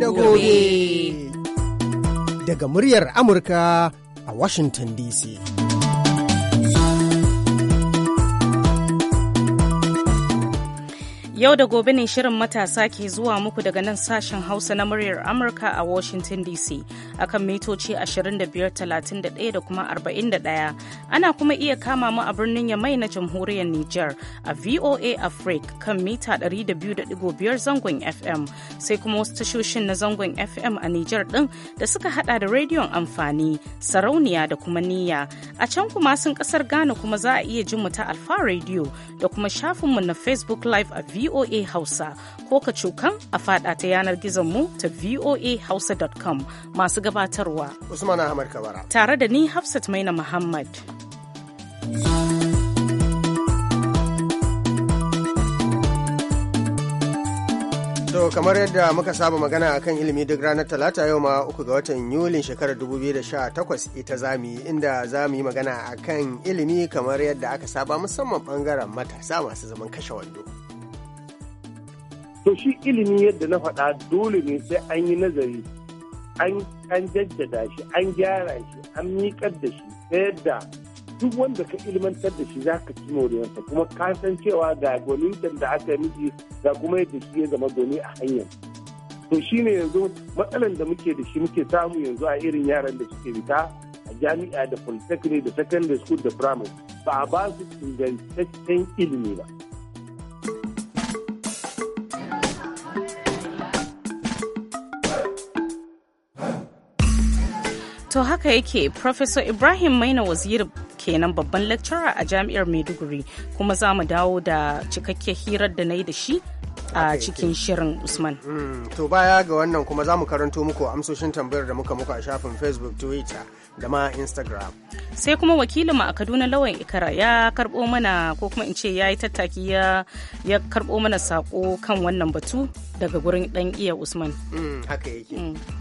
da gobe. Daga muryar Amurka a Washington DC. Yau da gobe ne shirin matasa ke zuwa muku daga nan sashen Hausa na muryar Amurka a Washington DC. akan mitoci 2531 da kuma 41. Ana kuma iya kama mu a birnin Yamai na jamhuriyar Nijar a VOA Africa kan mita 200.5 zangon FM sai kuma wasu tashoshin na zangon FM a Nijar din da suka hada da rediyon amfani, sarauniya da kuma niyya. A can kuma sun kasar Ghana kuma za a iya jin mu ta Alfa rediyo da kuma shafinmu na Facebook Live a VOA Hausa ko ka cokan a fada ta yanar gizon mu ta voahausa.com masu gabatarwa Usman Ahmad Kabara tare da ni Hafsat Maina Muhammad. To kamar yadda muka saba magana a kan ilimi duk ranar talata yau ma uku ga watan Yulin shekarar 2018 ita zamu yi inda zamu yi magana a kan ilimi kamar yadda aka saba musamman bangaren matasa masu zaman kashe wando. To shi ilimi yadda na faɗa dole ne sai an yi nazari an jaddada shi an gyara shi an miƙar da shi ta yadda duk wanda ka ilmantar da shi za ka ci moriyarsa kuma ka san cewa ga gwanintan da aka miji ga kuma yadda shi ya zama goni a hanyar to shi ne yanzu matsalar da muke da shi muke samu yanzu a irin yaran da suke fita a jami'a da polytechnic da secondary school da primary ba a ba su ingantaccen ilimi ba To haka yake Professor Ibrahim Maina Waziri kenan babban lecturer a jami'ar Maiduguri kuma za mu dawo da cikakke hirar da na yi da shi a cikin shirin Usman. Mm, to baya ga wannan kuma za mu karanto muku amsoshin tambayar da muka muka a shafin Facebook, Twitter da ma Instagram. Sai kuma wakilin a Kaduna Lawan Ikara ya karbo mana ko kuma in ce ya yi tattaki ya karbo mana sako kan wannan batu daga gurin dan iya Usman. Mm, haka yake. Mm.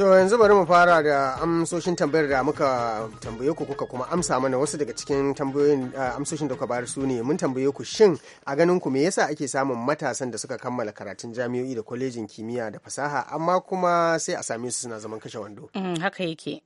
To yanzu bari mu fara da amsoshin tambayar da muka tambaye ku kuka kuma amsa mana wasu daga cikin tambayoyin amsoshin da kuka bayar su ne mun tambaye ku shin a ganin ku me yasa ake samun matasan da suka kammala karatun jami'o'i da kwalejin kimiyya da fasaha amma kuma sai a same su suna zaman kashe wando. Mm, haka yake.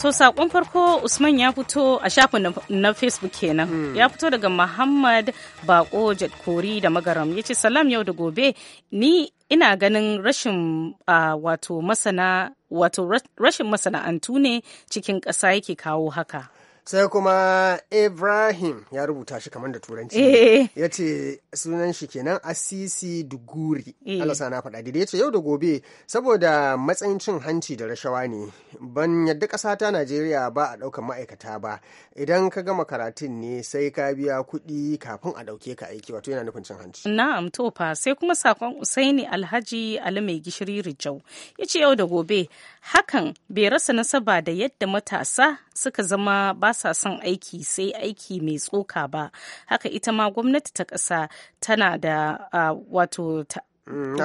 To saƙon farko Usman ya fito a shafin na Facebook kenan. Hmm. Ya fito daga Muhammad Bako jadkori da Magaram. Ya ce salam yau da gobe ni ina ganin rashin wato masana wato rashin masana'antu ne cikin ƙasa yake kawo haka. sai kuma ibrahim ya rubuta shi kamar da turanci eh. ya ce sunan shi kenan asisi duguri eh. Allah sa na faɗa da ya ce yau da gobe saboda matsayin cin hanci da rashawa ne ban yadda ƙasa ta najeriya ba a ɗaukar ma'aikata ba idan ka gama karatun ne sai ka biya kuɗi kafin a ɗauke ka aiki wato yana nufin cin hanci na'am to fa sai kuma sakon usaini alhaji ali mai gishiri rijau ya ce yau da gobe hakan bai rasa nasaba da yadda matasa suka zama ba sa son aiki sai aiki mai tsoka ba haka ita ma gwamnati ta ƙasa tana da uh, wato ta mm,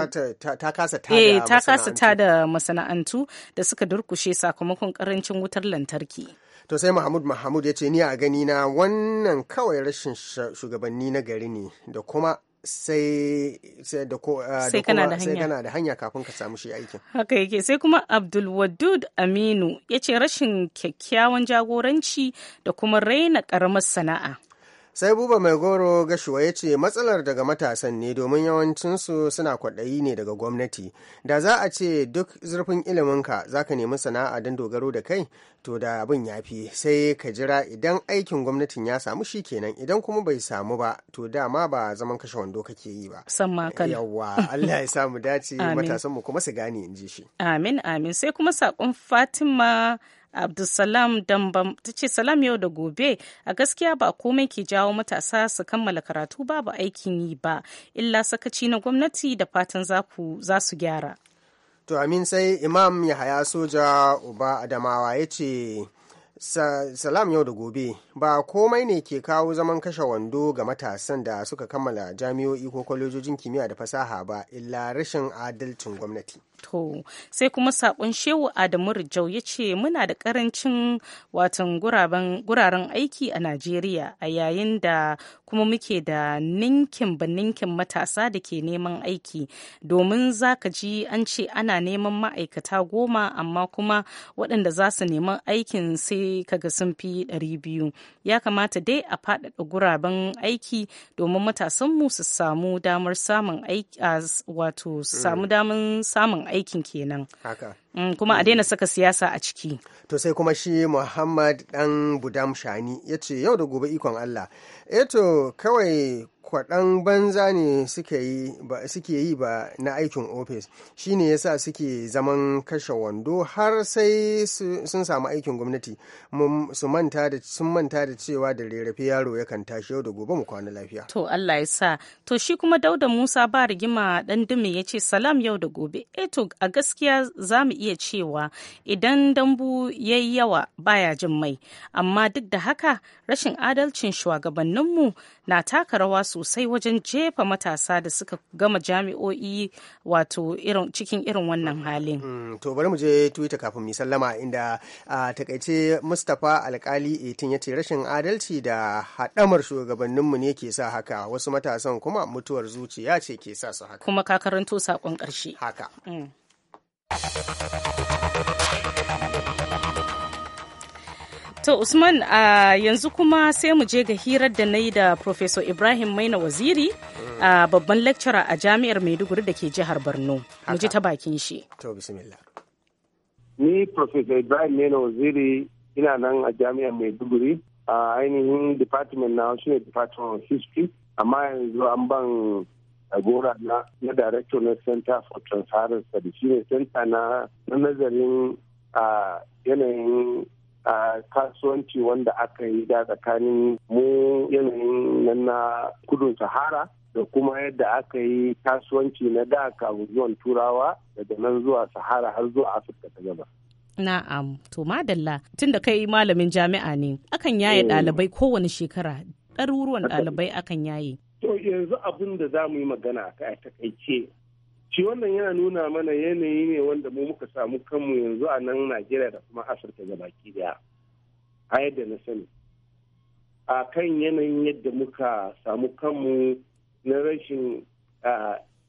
kasa eh, ta da masana'antu da suka durkushe sakamakon karancin wutar lantarki to sai mahmud mahmud ya ce ni a gani na wannan kawai rashin shugabanni na gari ne da kuma sai da ko ah, sai kana da hanya sai kana da hanya kafin ka samu shi aikin haka yake sai kuma Abdul Wadud Aminu yace rashin kyakkyawan jagoranci da kuma raina karamar sana'a sai buba mai goro gashuwa ya ce matsalar daga matasan ne domin yawancinsu suna kwaɗayi ne daga gwamnati da za a ce duk zurfin iliminka za ka nemi sana'a don dogaro da kai to da abin ya fi sai ka jira idan aikin gwamnatin ya samu shi kenan idan kuma bai samu ba to dama ba zaman kashe wando kake yi ba yawwa Allah ya samu dace matasanmu kuma su gane in ji shi amin amin sai kuma saƙon Fatima abdulsalam dambam ta ce salam yau da gobe a gaskiya ba komai ke jawo matasa su kammala karatu babu aikin yi ba illa sakaci na gwamnati da fatan za su gyara to amin sai imam yahaya soja uba adamawa ya ce salam yau da gobe ba komai ne ke kawo zaman kashe wando ga matasan da suka kammala jami'o'i ko kwalejojin kimiyya da fasaha ba illa rashin adalcin gwamnati to sai kuma sakon shehu adamu rijau ya ce muna da karancin watan guraren aiki a najeriya a yayin da kuma muke da ninkin ba ninkin matasa da ke neman aiki domin za ka ji an ce ana neman ma'aikata goma amma kuma waɗanda za su neman aikin sai kaga sun fi ɗari biyu ya kamata dai a faɗaɗa guraben aiki domin matasanmu su samu damar samun samu mm. damar samun aiki aikin kenan mm, kuma a daina saka siyasa a ciki to sai kuma shi muhammad dan budam shani ya ce yau da gobe ikon allah eto eh kawai kwaɗan banza ne suke yi ba na aikin ofis shi ne ya sa suke zaman kashe wando har sai sun samu aikin gwamnati sun manta da cewa da rarrafe yaro yakan tashi yau da gobe mu kwana lafiya to Allah ya sa to shi kuma dauda musa ba rigima dan dumi ya ce salam yau da gobe eh to a gaskiya za mu iya cewa idan dambu ya yi yawa baya jin mai amma duk da haka rashin adalcin shugabanninmu na taka rawa sosai wajen jefa matasa da suka gama jami'o'i wato cikin irin wannan halin. Mm, to bari mu je Twitter kafin mu sallama inda a takaice Mustapha Alkali Etin ya ce rashin adalci da haɗamar shugabanninmu ne ke sa haka wasu matasan kuma mutuwar zuciya ce ke sa su haka. Kuma ka karanto saƙon ƙarshe. Haka. Mm. To Usman uh, yanzu kuma sai mu je ga hirar da na yi da Professor Ibrahim Maina Waziri uh, babban lecturer a jami'ar Maiduguri da ke jihar Borno. Mu ji ta bakin shi. To bismillah. Ni Professor Ibrahim Maina Waziri ina nan a jami'ar Maiduguri a ainihin department na shi ne department of history amma yanzu an ban gora na na director na center for transparency shi ne center na nazarin a yanayin a kasuwanci wanda aka yi da tsakanin mu yanayin na kudun sahara da kuma yadda aka yi kasuwanci na da ka zuwan turawa daga nan zuwa sahara har zuwa afirka ta gaba na'am to madalla tun da kai malamin jami'a ne akan yaye eh. ɗalibai kowane shekara ɗaruruwan ɗalibai akan yaye to yanzu abin da za mu yi magana a takaice shi wannan yana nuna mana yanayi ne wanda mu muka samu kanmu yanzu a nan najeriya da kuma afirka gabaki daya a yadda na sani a kan yanayin yadda muka samu kanmu na rashin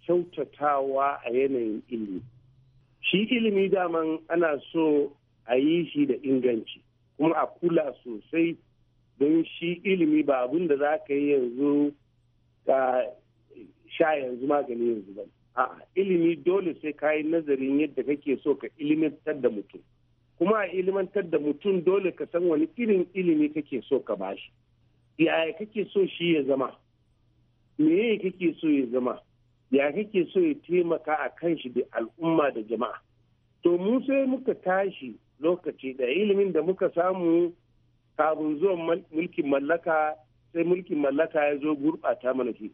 kyautatawa a yanayin ilimi shi ilimi daman ana so a yi shi da inganci kuma a kula sosai don shi ilimi ba abin da za ka yi yanzu sha yanzu magani yanzu ba a ilimi dole sai ka yi nazarin yadda kake so ka ilimantar da mutum kuma a ilimantar da mutum dole ka san wani irin ilimi kake so ka bashi yaya kake so shi ya zama meye kake so ya zama ya kake so ya taimaka a kan shi da al'umma da jama'a to mu sai muka tashi lokaci da ilimin da muka samu kafin zuwan mulkin mallaka sai mulkin mallaka ya zo gurɓata mana shi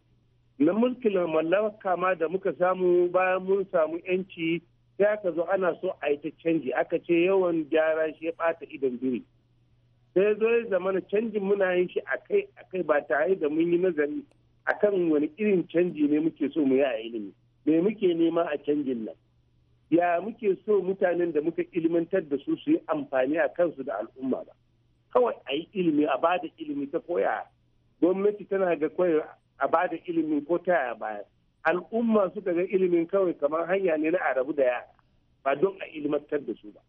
na mulkin mallaka kama da muka samu bayan mun samu yanci sai aka zo ana so a yi ta canji aka ce yawan gyara shi ya bata idan biri sai zo ya na canjin muna yin shi akai akai ba tare da mun yi nazari akan wani irin canji ne muke so mu yi a ilimi me muke nema a canjin nan ya muke so mutanen da muka ilimantar da su su yi amfani a kansu da al'umma ba kawai a yi ilimi a bada ilimi ta koya gwamnati tana ga koyar a ba da ilimin ko ta yaya baya al'umma suka ga ilimin kawai kamar hanya ne na a rabu da yara ba don a ilimantar da su ba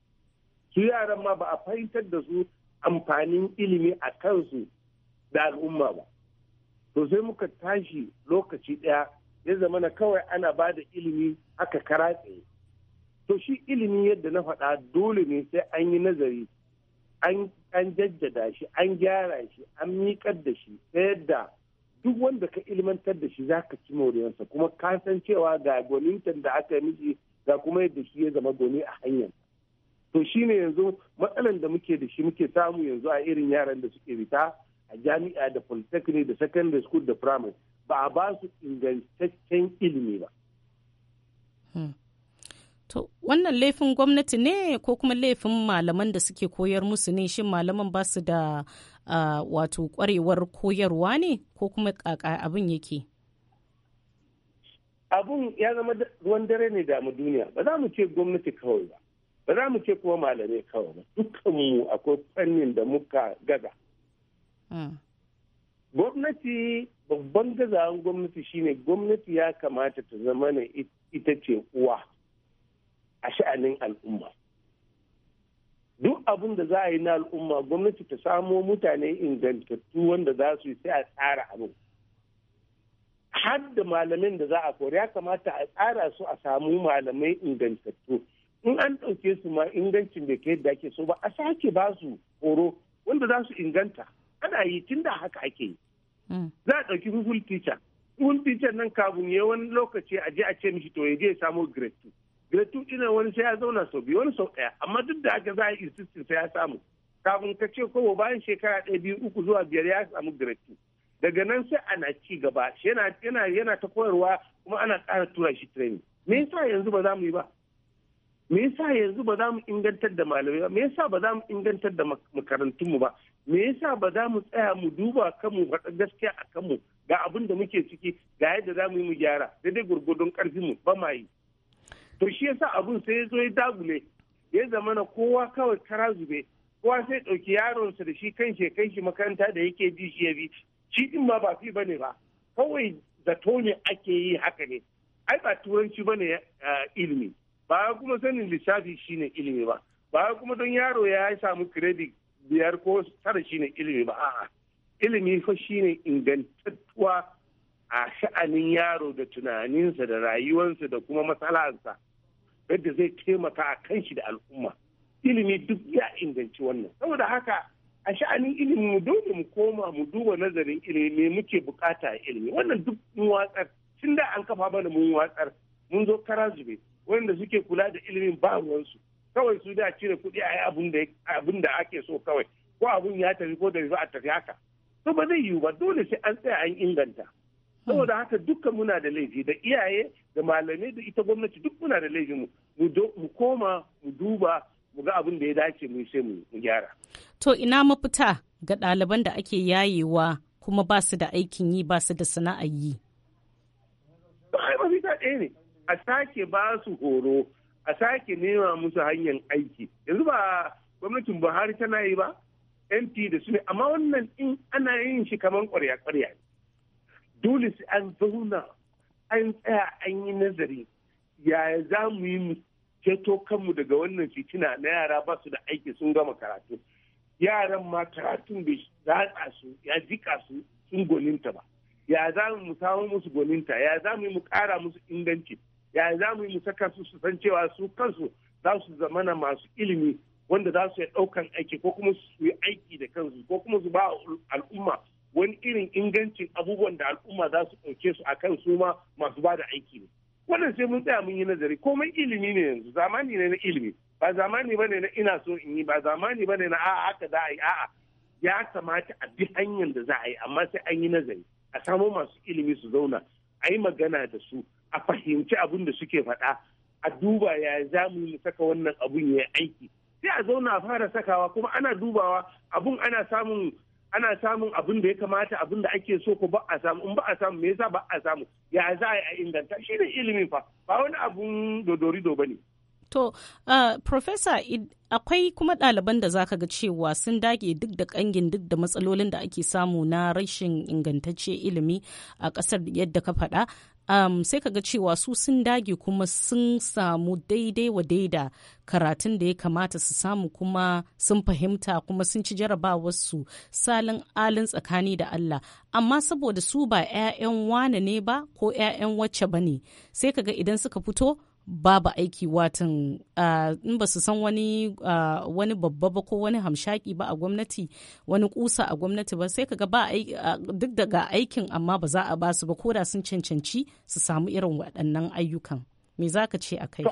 su yaran ma ba a fahimtar da su amfanin ilimi a kansu da al'umma ba to sai muka tashi lokaci ɗaya ya zama na kawai ana ba da ilimi haka kara tsaye to shi ilimi yadda na faɗa dole ne sai an yi nazari an jajjada shi an gyara shi an miƙar da shi ta yadda duk wanda ka ilmantar da shi za ka ci moriyarsa kuma ka cewa ga gonintan da aka miji ga kuma yadda shi ya zama goni a hanyar to shine yanzu matsalan da muke da shi muke samu yanzu a irin yaran da suke fita a jami'a da polytechnic da secondary school da primary ba a ba su ingantaccen ilimi ba hmm. To, wannan laifin gwamnati ne ko kuma laifin malaman da suke koyar musu ne shin malaman ba su da wato kwarewar koyarwa ne ko kuma kaka abin yake? Abun ya zama ruwan dare ne da duniya ba za mu ce gwamnati kawai ba, ba za mu ce kuma malamai kawai ba, dukkanmu akwai fannin da muka gaza. Hmm. Gwamnati babban gazawan gwamnati shine gwamnati ya kamata ta zama ita ce uwa. a sha'anin al'umma duk abin da za a yi na al'umma gwamnati ta samo mutane ingantattu wanda za su yi sai a tsara abin har da malamin da za a kori ya kamata a tsara su a samu malamai ingantattu in an ɗauke su ma ingancin da ke yadda ake so ba a sake ba su horo wanda za su inganta ana yi tun da haka ake yi mm. za a ɗauki full teacher full teacher nan kafin ya wani lokaci a je a ce mishi to ya je ya samo grade gratuity ina wani sai ya zauna sau biyu wani sau ɗaya amma duk da haka za a yi sai ya samu kafin ka ce ko bayan shekara ɗaya biyu uku zuwa biyar ya samu gratuity daga nan sai ana ci gaba yana yana ta koyarwa kuma ana ƙara tura shi training me yasa yanzu ba za mu yi ba me yasa yanzu ba za mu ingantar da malamai ba me yasa ba za mu ingantar da makarantun mu ba me yasa ba za mu tsaya mu duba kanmu faɗa gaskiya a kanmu ga abin da muke ciki ga yadda za mu yi mu gyara daidai gurgudun mu ba ma yi to shi yasa abun sai ya zo ya dagule ya zama na kowa kawai tara zube kowa sai ɗauki yaronsa da shi kan shi kan shi makaranta da yake bi shi ya bi shi din ma ba fi ba ne ba kawai zato ne ake yi haka ne ai ba turanci ba ne ilimi ba kuma sanin lissafi shine ilimi ba ba kuma don yaro ya samu kredit biyar ko tara shine ilimi ba a'a ilimi fa shine ingantattuwa a sha'anin yaro da tunaninsa da rayuwarsa da kuma matsalarsa yadda zai taimaka a kan shi da al'umma ilimi duk ya inganci wannan saboda haka a sha'anin ilimi mu dole mu koma mu duba nazarin ilimi muke bukata a ilimi wannan duk mun watsar tun da an kafa mana mun watsar mun zo kara zube wanda suke kula da ilimin ba ruwansu kawai su da cire kuɗi a yi abin da ake so kawai ko abun ya tafi ko da a tafi haka to ba zai yiwu ba dole sai an tsaya an inganta saboda haka dukkan muna da laifi da iyaye da malamai da ita gwamnati duk muna da laifi mu koma mu duba mu ga abin da ya dace mu sai mu gyara to ina mafita ga ɗaliban da ake yayewa kuma ba su da aikin yi ba su da sana'ar yi mafita ɗaya ne a sake ba su horo a sake nema musu hanyar aiki yanzu ba gwamnatin buhari tana yi ba mp da su ne amma wannan in ana yin shi kamar kwarya kwarya dole sai an zauna an tsaya an yi nazari yaya za mu yi ceto kanmu daga wannan fitina na yara ba su da aiki sun gama karatu yaran ma karatun bai ratsa su ya jika su sun goninta ba ya za mu samu musu goninta ya za mu yi mu kara musu inganci ya za mu yi mu saka su san cewa su kansu za su zamana masu ilimi wanda za su yi ɗaukan aiki ko kuma su yi aiki da kansu ko kuma su ba al'umma wani irin ingancin abubuwan da al'umma za su ɗauke su a kan suma masu ba da aiki ne wannan sai mun tsaya mun yi nazari komai ilimi ne yanzu zamani ne na ilimi ba zamani ba ne na ina so in yi ba zamani ba ne na a'a haka za a yi a'a ya kamata a bi hanyar da za a yi amma sai an yi nazari a samo masu ilimi su zauna a yi magana da su a fahimci abin da suke faɗa a duba ya za mu yi saka wannan abun ya yi aiki sai a zauna a fara sakawa kuma ana dubawa abun ana samun ana samun abin da ya kamata abin da ake so ko ba a samu in ba a samu me yasa ba a samu ya za a inganta shi ne ilimin fa ba wani abun dodorido ba ne to uh, professor akwai kuma ɗaliban da zaka ga cewa sun dage duk da kangin duk da matsalolin da ake samu na rashin ingantacce ilimi a ƙasar yadda ka faɗa um, sai kaga cewa su sun dage kuma sun samu daidai wa daida karatun da ya kamata su samu kuma sun fahimta kuma sun ci jarabawarsu salin alin tsakani da Allah amma saboda su ba 'ya'yan wane ne ba ko 'ya'yan wacce ba ne sai kaga idan suka fito babu aiki watan in ba su san wani babba ba ko wani hamshaki ba a gwamnati wani kusa a gwamnati ba sai kaga ba duk daga aikin amma ba za a ba su ba ko da sun cancanci su samu irin waɗannan ayyukan me za ka ce a kai?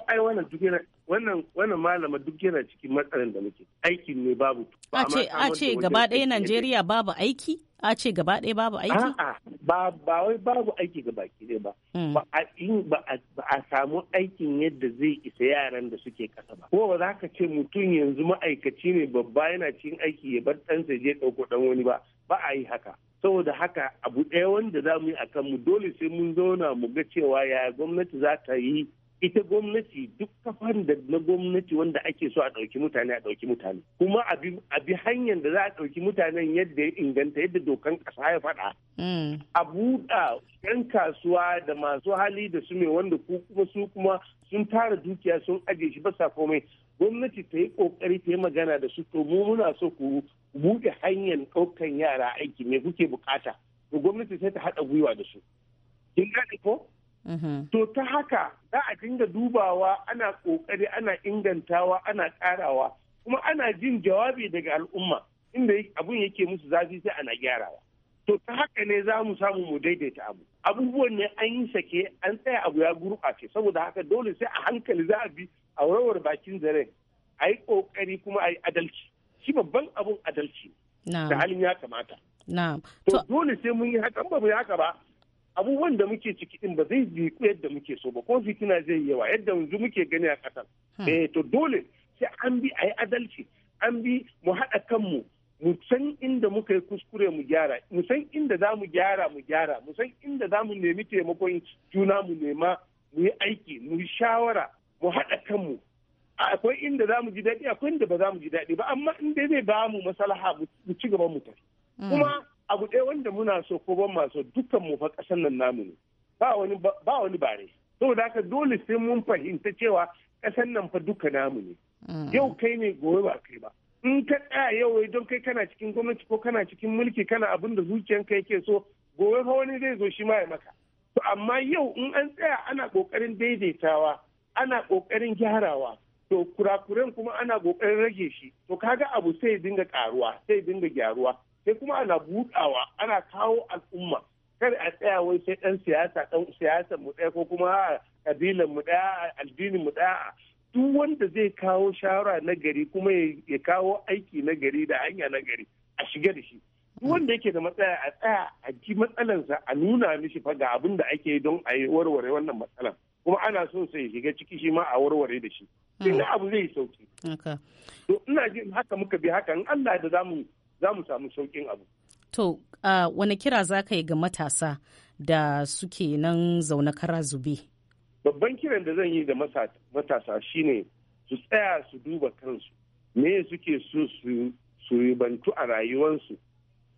wannan wannan malama duk yana cikin matsalar da muke aikin ne babu a ce a ce gaba ɗaya Najeriya babu aiki a ce gaba ɗaya babu aiki a'a ba wai babu aiki ga baki ba hmm. ba ba a samu aikin yadda zai isa yaran da suke kasa ba ko ba za ka ce mutum yanzu ma'aikaci ne babba yana cikin aiki ya bar ɗansa je ɗauko ɗan wani ba ba a yi haka saboda haka abu ɗaya wanda za mu yi a kanmu dole sai mun zauna mu ga cewa yaya gwamnati za ta yi ita gwamnati duk kafan da na gwamnati wanda ake so a ɗauki mutane a ɗauki mutane kuma a bi hanyar da za a ɗauki mutanen yadda ya inganta yadda dokan ƙasa ya faɗa mm. a buɗa 'yan kasuwa da masu hali da su ne wanda ku kuma su kuma sun tara dukiya sun ajiye shi basa komai gwamnati ta yi kokari ta yi magana da su to mu muna so ku buɗe hanyar ɗaukan yara aiki me kuke bukata to gwamnati sai ta haɗa gwiwa da su kin gane ko Mm-hmm. To ta haka za a dinga dubawa ana ƙoƙari ana ingantawa ana ƙarawa kuma ana jin jawabi daga al'umma inda abun yake musu zafi sai ana gyarawa. To ta haka ne za mu samu mu daidaita abu. Abubuwan ne an yi sake an tsaya abu ya gurɓace saboda haka dole sai a hankali za a bi a warwar bakin zaren a yi ƙoƙari kuma a yi adalci. Shi babban abun adalci. Da halin ya kamata. To dole sai mun yi hakan ba mu yi haka ba abubuwan da muke ciki din ba zai jiku yadda muke so ba ko fitina zai yi yawa yadda yanzu muke gani a kasar hmm. eh to dole sai an bi a yi adalci an bi mu haɗa kanmu mu san inda muka yi kuskure mu gyara mu san inda za mu gyara mu gyara mu san inda za mu nemi taimakon juna mu nema mu yi aiki mu yi shawara mu haɗa kanmu akwai inda za mu ji daɗi akwai inda ba za mu ji daɗi ba amma inda zai ba mu masalaha mu ci gaba mu tafi hmm. kuma abu ɗaya wanda muna so ko ban maso dukkan mu fa ƙasar nan namu ne ba wani bare saboda haka dole sai mun fahimta cewa ƙasar nan fa duka namu ne mm. yau kai ne gobe ba kai ba in ka tsaya yau don kai kana cikin gwamnati ko kana cikin mulki kana abin da zuciyanka yake so gobe fa wani zai zo shi ma ya maka to amma yau in an tsaya ana ƙoƙarin daidaitawa ana ƙoƙarin gyarawa to kurakuren kuma ana ƙoƙarin rage shi to kaga abu sai dinga ƙaruwa sai dinga gyaruwa sai kuma ana buɗawa ana kawo al'umma kar a tsaya wai sai ɗan siyasa ɗan siyasa mu ɗaya ko kuma kabilan mu ɗaya addinin mu ɗaya duk wanda zai kawo shawara na gari kuma ya kawo aiki na gari da hanya na gari a shiga da shi duk wanda yake da matsaya a tsaya a ji matsalansa a nuna mishi fa ga abin da ake don a yi warware wannan matsalan kuma ana so sai shiga ciki shi ma a warware da shi sai hmm. abu zai sauki to ina jin haka muka bi haka in Allah da zamu za mu samu saukin abu. To, wani kira za ka yi ga matasa da suke nan zaune kara zube? Babban kiran da zan yi da matasa shine su tsaya su duba kansu, me suke so su ribantu a rayuwarsu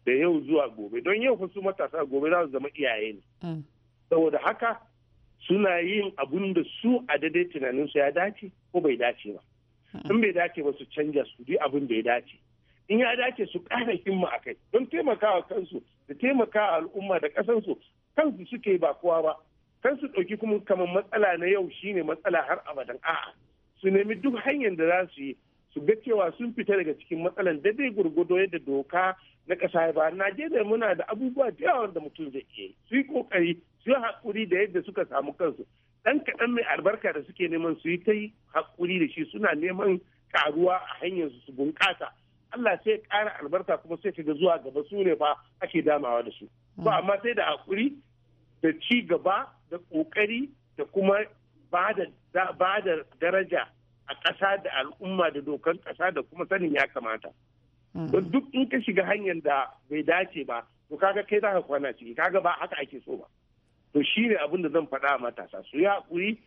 da yau zuwa gobe, don yau su matasa gobe za su zama iyaye ne. Mm. Saboda haka suna yin abun da su a daidai tunaninsu ya dace ko bai dace ba. Mm. In bai dace ba su canja su duk abin da ya dace. in ya dace su ƙara himma a kai don taimakawa kansu da taimakawa al'umma da ƙasansu kansu suke ba kowa ba kansu ɗauki kuma kamar matsala na yau shine matsala har abadan a'a su nemi duk hanyar da za su yi su ga cewa sun fita daga cikin matsalan da zai gurgudo yadda doka na ƙasa ba najeriya muna da abubuwa da yawa da mutum zai iya yi su yi ƙoƙari su yi haƙuri da yadda suka samu kansu ɗan kaɗan mai albarka da suke neman su yi ta yi haƙuri da shi suna neman karuwa a hanyar su bunƙasa Allah sai ƙara albarka kuma sai shiga zuwa gaba su ne fa ake damawa da su to mm. amma sai da hakuri da ci gaba da ƙoƙari da kuma ba da daraja a ƙasa da al'umma da dokan ƙasa da kuma sanin ya kamata mm. don duk in ka shiga hanyar da bai dace ba to kaga kai za ka kwana ciki kaga ba haka ake so ba to shi ne abin da zan faɗa matasa su yi haƙuri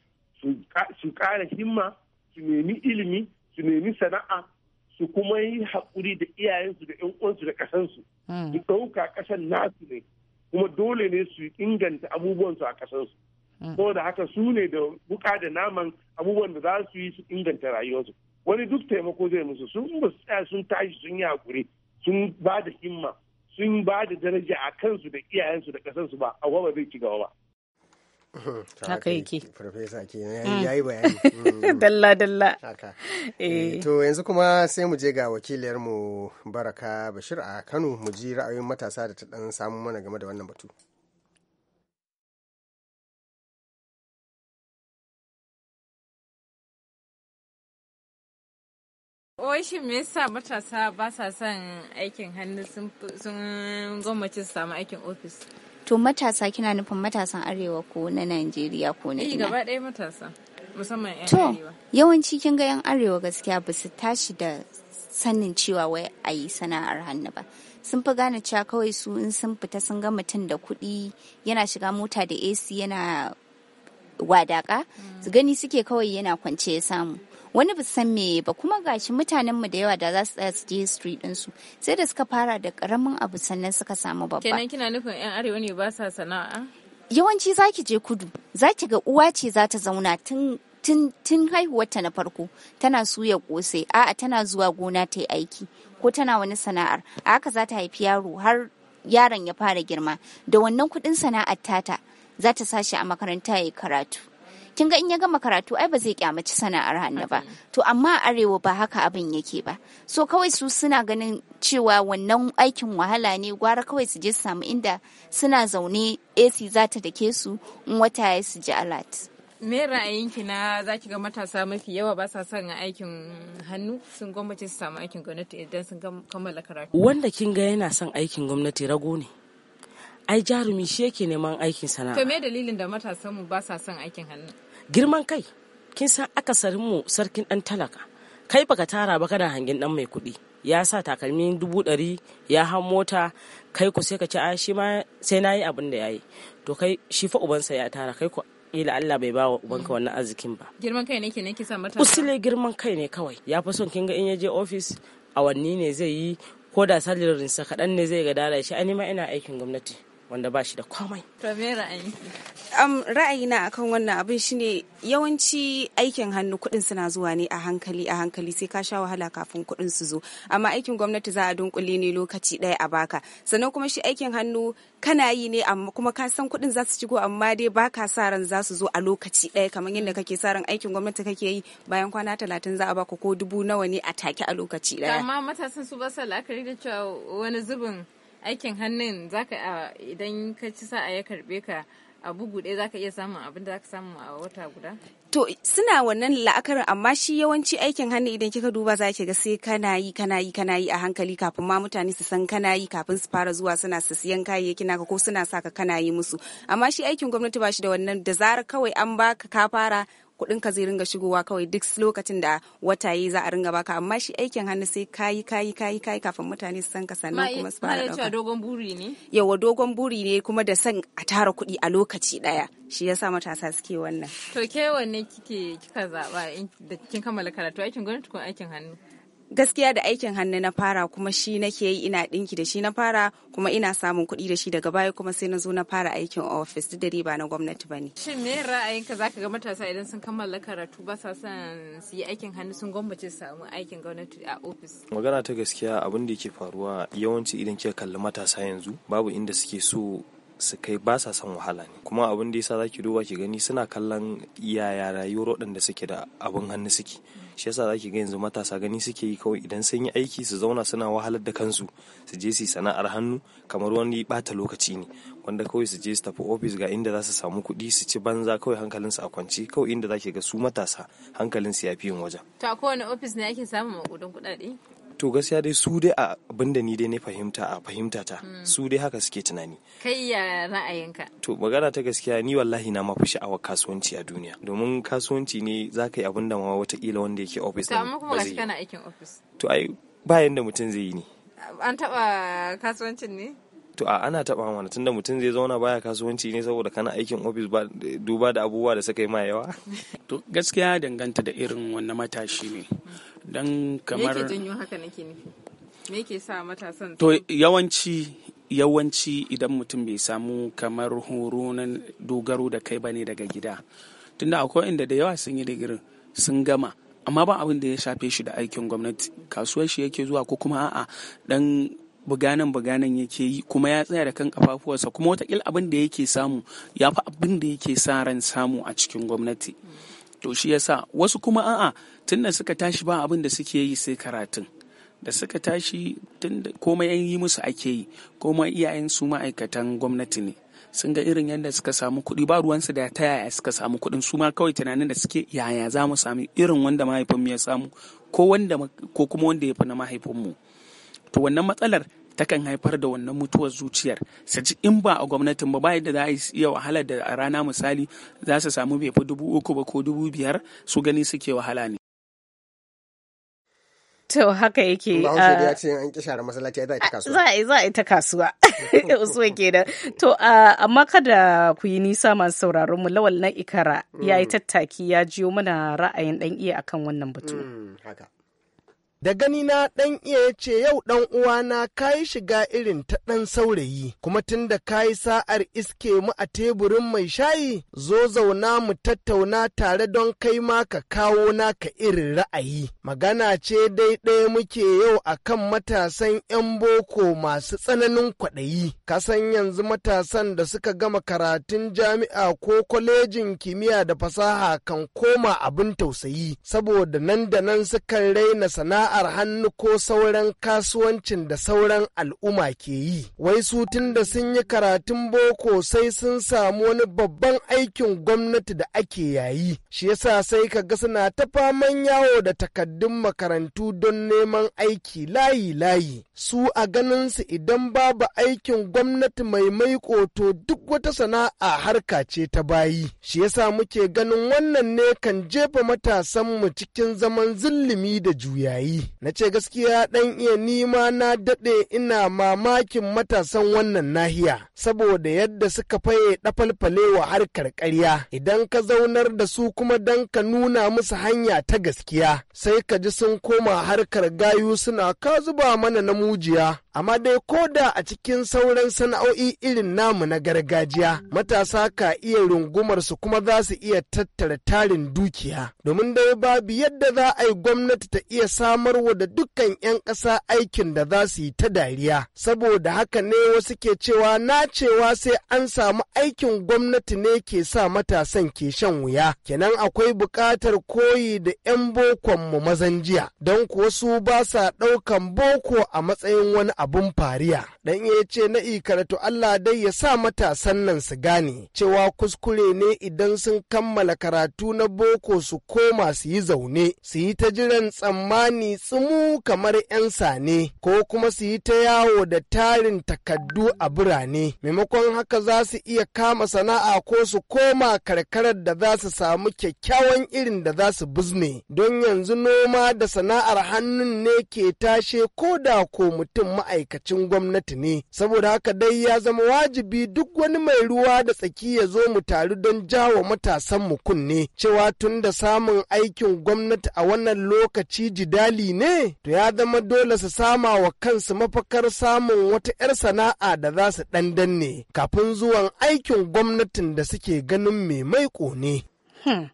su ƙara himma su nemi ilimi su nemi sana'a su kuma yi haƙuri da iyayensu da yan uwansu da ƙasansu hmm. su ɗauka ƙasan nasu ne kuma dole ne su inganta abubuwansu a ƙasansu hmm. saboda haka su ne da buƙa da naman abubuwan da za su yi su inganta rayuwarsu wani duk taimako zai musu sun ba su tsaya sun tashi sun yi haƙuri sun ba da himma sun ba da daraja a kansu da iyayensu da ƙasansu ba a ba zai ci gaba ba. haka yake farfesa ke mm. ya yi bayani dalla dalla eh. Eh, to yanzu kuma sai mu je ga mu baraka bashir a kano mu ji ra'ayoyin matasa da ta dan samu mana game da wannan batu wai shi me yasa matasa ba sa son aikin hannu sun gwamnati su samu aikin ofis to matasa kina nufin matasan arewa ko na Najeriya ko na eh, ina gaba ɗaya matasa musamman yan to yawanci kin ga yan arewa gaskiya ba su tashi da sanin cewa wai a yi sana'ar hannu ba sun fi gane cewa kawai su in sun fita sun ga mutum da kuɗi yana shiga mota da AC yana wadaka su gani suke kawai yana kwance ya samu wani ba san me ba kuma gashi mutanen mu da yawa da za su tsaya su je history din su sai da suka fara da karamin abu sannan suka samu babba kenan kina nufin yan arewa ne ba sa sana'a yawanci zaki je kudu zaki ga uwa ce za ta zauna tun tun tun haihuwarta na farko tana suya kosai a'a tana zuwa gona ta yi aiki ko tana wani sana'ar a haka za ta haifi yaro har yaron ya fara girma da wannan kudin sana'ar tata za ta sashi a makaranta ya karatu kin ga in ya gama karatu ai ba zai kyamaci sana'ar hannu ba to amma arewa ba haka abin yake ba so kawai su suna ganin cewa wannan aikin wahala ne gwara kawai su je su samu inda suna zaune AC za ta dake su in wata ya su ji alert me ra'ayinki na za ki ga matasa mafi yawa ba sa son aikin hannu sun gwamnati su samu aikin gwamnati idan sun kammala karatu wanda kin ga yana son aikin gwamnati rago ne ai jarumi shi yake neman aikin sana'a to me dalilin da matasanmu ba sa son aikin hannu girman kai kin san akasarin mu sarkin dan talaka kai baka tara ba kana hangen dan mai kuɗi ya sa takalmin dubu ɗari ya hau mota kai ku sai ka ci a shi ma sai na yi abin da ya to kai shi fa ubansa ya tara kai ku ila Allah bai bawa ubanka wannan arzikin ba girman kai ne kenan kisa mata usule girman kai ne kawai ya fi son kin ga in ya je office awanni ne zai yi ko da salarinsa kaɗan ne zai ga dala shi ani ma ina aikin gwamnati wanda ba shi da komai. ra'ayi? Um, ra'ayina akan wannan abin shine yawanci aikin hannu kuɗin suna zuwa ne a hankali a hankali sai ka sha wahala kafin kuɗin su zo amma aikin gwamnati za a dunkule ne lokaci ɗaya a baka sannan kuma shi aikin hannu kana yi ne amma kuma ka san kuɗin za su shigo amma dai baka sa ran za su zo a lokaci ɗaya kamar yadda kake sa ran aikin gwamnati kake yi bayan kwana talatin za a baka ko dubu nawa ne a take a lokaci ɗaya. Amma matasan su ba sa la'akari da cewa wani zubin aikin hannun zaka idan ka ci sa'a ya karbe ka a bugu ɗaya zaka iya samun abin da zaka samu a wata guda? To suna wannan la'akarin amma shi yawanci aikin hannu idan kika duba za ga sai kana yi kana yi kana yi a hankali kafin ma mutane su san kana yi kafin su fara zuwa suna su siyan kayayyaki naka ko suna saka kana yi musu amma shi aikin gwamnati ba shi da wannan da zarar kawai an baka ka fara kuɗin ka zai ringa shigowa kawai duk lokacin da wata yi za a ringa baka amma shi aikin hannu sai kayi kayi kayi kayi kafin mutane su san ka sannan kuma su fara dauka. dogon buri ne? Yawa dogon buri ne kuma da san a tara kuɗi a lokaci ɗaya. Shi yasa matasa suke wannan. To ke wanne kike kika zaɓa da kin kammala karatu aikin gwamnati ko aikin hannu? gaskiya da aikin hannu na fara kuma shi nake yi ina dinki da shi na fara kuma ina samun kuɗi da shi daga baya kuma sai na zo na fara aikin ofis duk da ba na gwamnati ba ne. shin me ra'ayinka za ka ga matasa idan sun kammala karatu ba sa son su yi aikin hannu sun gwamnati su samu aikin gwamnati a ofis. magana ta gaskiya abin da yake faruwa yawanci idan kika kalli matasa yanzu babu inda suke so su kai ba sa son wahala ne kuma abin da yasa zaki duba ki gani suna kallon yaya rayuwar waɗanda suke da abin hannu suke shi yasa zaki ga yanzu matasa gani suke yi kawai idan sun yi aiki su zauna suna wahalar da kansu su je su sana'ar hannu kamar wani bata lokaci ne wanda kawai su je su tafi ofis ga inda za su samu kuɗi su ci banza kawai hankalin su a kwance kawai inda zaki ga su matasa hankalin su ya fi yin wajen. To a kowane ofis ne ake samun makudan kuɗaɗe? to gaskiya dai su dai a abin da ni dai ne fahimta a fahimta ta hmm. su dai haka suke tunani kai ya ra'ayinka to magana ta gaskiya ni wallahi na mafi sha'awar kasuwanci a duniya domin kasuwanci ne za ka yi abin da ma watakila wanda yake office to amma kuma gashi kana aikin office to ai ba yanda mutum zai yi ne an taba kasuwancin ne to a ana taba mana tunda mutum zai zauna baya kasuwanci ne saboda kana aikin ofis duba da abubuwa da suka yi ma yawa to gaskiya danganta da irin wannan matashi ne dan kamar to yawanci yawanci idan mutum bai samu kamar horo na dogaro da kai bane daga gida tunda akwai inda da yawa sun yi digirin sun gama amma ba abin da ya shafe shi da aikin gwamnati kasuwar shi yake zuwa ko kuma a'a dan buganan buganan yake yi kuma ya tsaya da kan kafafuwarsa kuma watakila abin da yake samu ya fi abin da yake sa ran samu a cikin gwamnati to shi yasa wasu kuma a'a tun da suka tashi ba abin da suke yi sai karatun da suka tashi tun da komai an yi musu ake yi komai iyayen su ma'aikatan gwamnati ne sun ga irin yadda suka samu kuɗi ba ruwansu da ta yaya suka samu kuɗin su ma kawai tunanin da suke yaya za mu sami irin wanda mahaifinmu ya samu ko kuma wanda ya fi na mahaifinmu to wannan matsalar takan haifar da wannan mutuwar zuciyar su ji in ba a gwamnatin ba bayan da za a iya wahala da a rana misali za su samu bai fi dubu uku ba ko dubu biyar su gani suke wahala ne To haka yake. Bahaushe ah, za a ta kasuwa. Za a ta kasuwa. To ah, amma kada ku yi nisa masu sauraron mu lawal na ikara ya yi mm. tattaki ya jiyo mana ra'ayin dan iya akan wannan batu. Mm, haka. da gani na ɗan iya ya ce yau ɗan uwana ka yi shiga irin ta ɗan saurayi kuma tun da ka sa'ar iske mu a teburin mai shayi zo zauna mu tattauna tare don kai ma ka kawo naka irin ra'ayi magana ce dai ɗaya muke yau a kan matasan 'yan boko masu tsananin kwaɗayi kasan yanzu matasan da suka gama karatun jami'a ko kwalejin kimiyya da fasaha kan koma abin tausayi saboda nan da nan sukan raina sana'a sana'ar hannu ko sauran kasuwancin da sauran al'umma ke yi wai su tun da sun yi karatun boko sai sun samu wani babban aikin gwamnati da ake yayi shi yasa sai ka ga suna ta faman yawo da takaddun makarantu don neman aiki layi layi su a ganin su idan babu aikin gwamnati mai maiko to duk wata sana'a harka ce ta bayi shi yasa muke ganin wannan ne kan jefa matasanmu cikin zaman zillimi da juyayi yi na ce gaskiya ɗan iya nima na daɗe ina mamakin matasan wannan nahiya saboda yadda suka faye ɗafalfale wa harkar karya. idan ka zaunar da su kuma dan ka nuna musu hanya ta gaskiya sai ka ji sun koma harkar gayu suna ka zuba mana namujiya amma dai ko da a cikin sauran sana'o'i irin namu na gargajiya matasa ka iya rungumar su kuma za su iya tattara tarin dukiya domin dai babu yadda za a yi gwamnati ta iya samarwa da dukkan 'yan ƙasa aikin da za su yi ta dariya saboda haka ne wasu ke cewa na cewa sai an samu aikin gwamnati ne ke sa matasan ke shan wuya kenan akwai buƙatar koyi da 'yan bokon mu mazan jiya don kuwa su ba sa ɗaukan boko a matsayin wani abu abun fariya dan ya ce na ikaratu Allah dai ya sa matasan nan su gane cewa kuskure ne idan sun kammala karatu na boko su koma su yi zaune su yi ta jiran tsammani tsumu kamar 'yan sane ko kuma su yi ta yawo da tarin takaddu a birane maimakon haka za su iya kama sana'a ko su koma karkarar da za su samu kyakkyawan irin da za su bizne don yanzu noma da sana'ar hannun ne ke tashe ko da ko mutum ma'aikata ma'aikacin gwamnati ne saboda haka dai ya zama wajibi duk wani mai ruwa da tsaki ya zo mu taru don jawo matasan mu kunne cewa tun da samun aikin gwamnati a wannan lokaci jidali ne to ya zama dole su sama wa kansu mafakar samun wata 'yar sana'a da za su dandanne kafin zuwan aikin gwamnatin da suke ganin mai maiko ne. Hmm.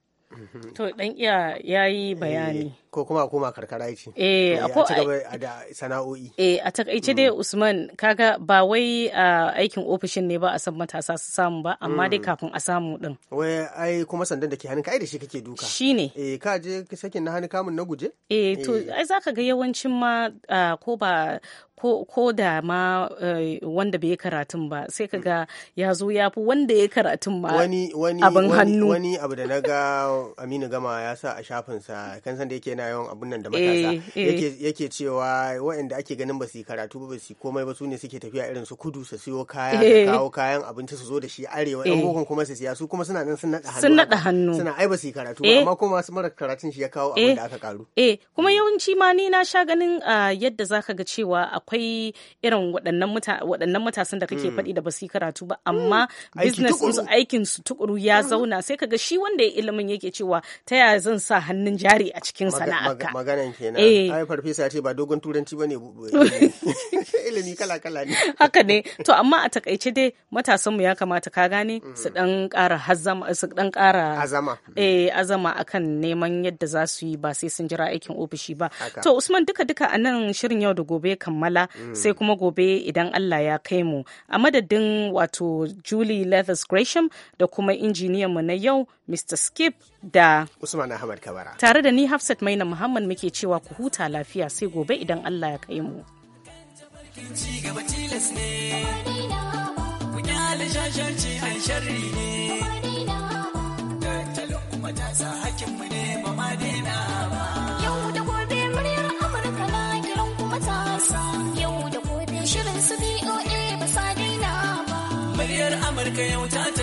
to dan iya yayi eh, bayani ko kuma a koma karkara ce eh a ci da sana'o'i eh a takaice dai hmm. Usman kaga ba wai aikin ofishin ne ba a san matasa su samu ba amma dai hmm. kafin a samu din wai ai kuma sandan da ke hannun kai da shi kake duka shine eh ka je sakin na hannu kamun na guje eh to eh. ai zaka ga yawancin ma ko ba ko da ma eh, wanda bai karatun ba sai ka mm. ga ya zo ya fi wanda ya karatun ma abin hannu wani abu da na ga aminu gama ya sa a shafinsa kan san da yake na yawan abun nan da matasa eh, eh. yake cewa waɗanda ake ganin ba su yi karatu ba su komai ba su ne suke tafiya irin su kudu su siyo kaya su kawo kayan abinci su zo da shi arewa yan bokon kuma su siya su kuma suna nan sun naɗa hannu suna ai ba su yi karatu amma kuma su mara karatun shi ya kawo abin da aka karu eh kuma mm. yawanci ma ni na sha ganin ah, yadda zaka ga cewa akwai akwai irin waɗannan matasan da kake hmm. faɗi da ba su karatu ba amma hmm. business su aikin su tukuru ya zauna sai kaga shi wanda ya ilimin yake cewa ta yaya zan sa hannun jari a cikin sana'arka maganan kenan eh. ai farfesa ce ba dogon turanci bane ilimi kala kala ne haka ne to amma a takaice dai matasan mu ya kamata ka gane hmm. su dan ƙara hazama su dan ƙara azama eh azama akan neman yadda za su yi ba sai sun jira aikin ofishi ba to Usman duka duka a nan shirin yau da gobe kammala ta'ala mm. sai kuma gobe idan Allah ya kai mu a madadin wato Julie Leathers Gresham da kuma injiniyan mu na yau Mr. Skip da Usman Ahmad Kabara tare da ni Hafsat Maina Muhammad muke cewa ku huta lafiya sai gobe idan Allah ya kai mu ne ba ma daina barkai wuta ta